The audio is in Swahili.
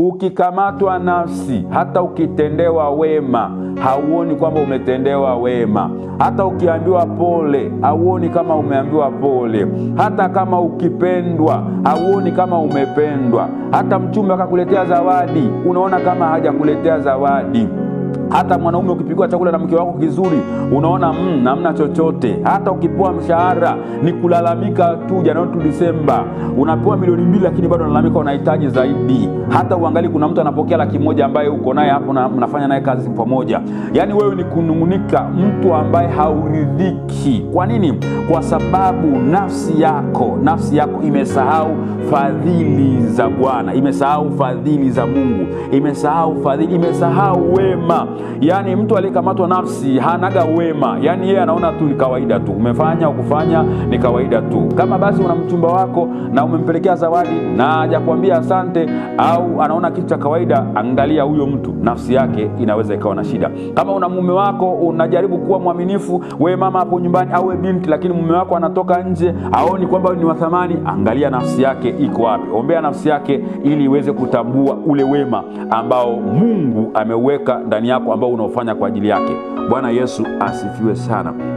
Ukikamatwa nafsi, hata ukitendewa wema, hauoni kwamba umetendewa wema. Hata ukiambiwa pole, hauoni kama umeambiwa pole. Hata kama ukipendwa, hauoni kama umependwa. Hata mchumba akakuletea zawadi, unaona kama hajakuletea zawadi. Hata mwanaume ukipigwa chakula na mke wako kizuri, unaona mm, namna chochote. Hata ukipewa mshahara ni kulalamika tu, Januari tu Disemba. Unapewa milioni mbili, lakini bado unalalamika unahitaji zaidi. Hata uangali, kuna mtu anapokea laki moja ambaye uko naye hapo na mnafanya naye kazi pamoja, yaani wewe ni kunung'unika, mtu ambaye hauridhiki. Kwa nini? Kwa sababu nafsi yako, nafsi yako imesahau fadhili za Bwana, imesahau fadhili za Mungu, imesahau fadhili, imesahau wema yani mtu aliyekamatwa nafsi hanaga wema, yani yeye anaona tu ni kawaida tu, umefanya ukufanya ni kawaida tu. Kama basi una mchumba wako na umempelekea zawadi na hajakwambia asante, au anaona kitu cha kawaida, angalia huyo mtu nafsi yake inaweza ikawa na shida. Kama una mume wako unajaribu kuwa mwaminifu, we mama hapo nyumbani au we binti, lakini mume wako anatoka nje, aoni kwamba ni wa thamani, angalia nafsi yake iko wapi. Ombea nafsi yake ili iweze kutambua ule wema ambao Mungu ameuweka ndani yako ambao unaofanya kwa ajili yake. Bwana Yesu asifiwe sana.